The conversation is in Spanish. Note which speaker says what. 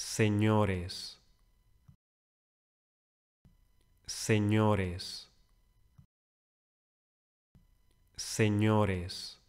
Speaker 1: señores, señores, señores.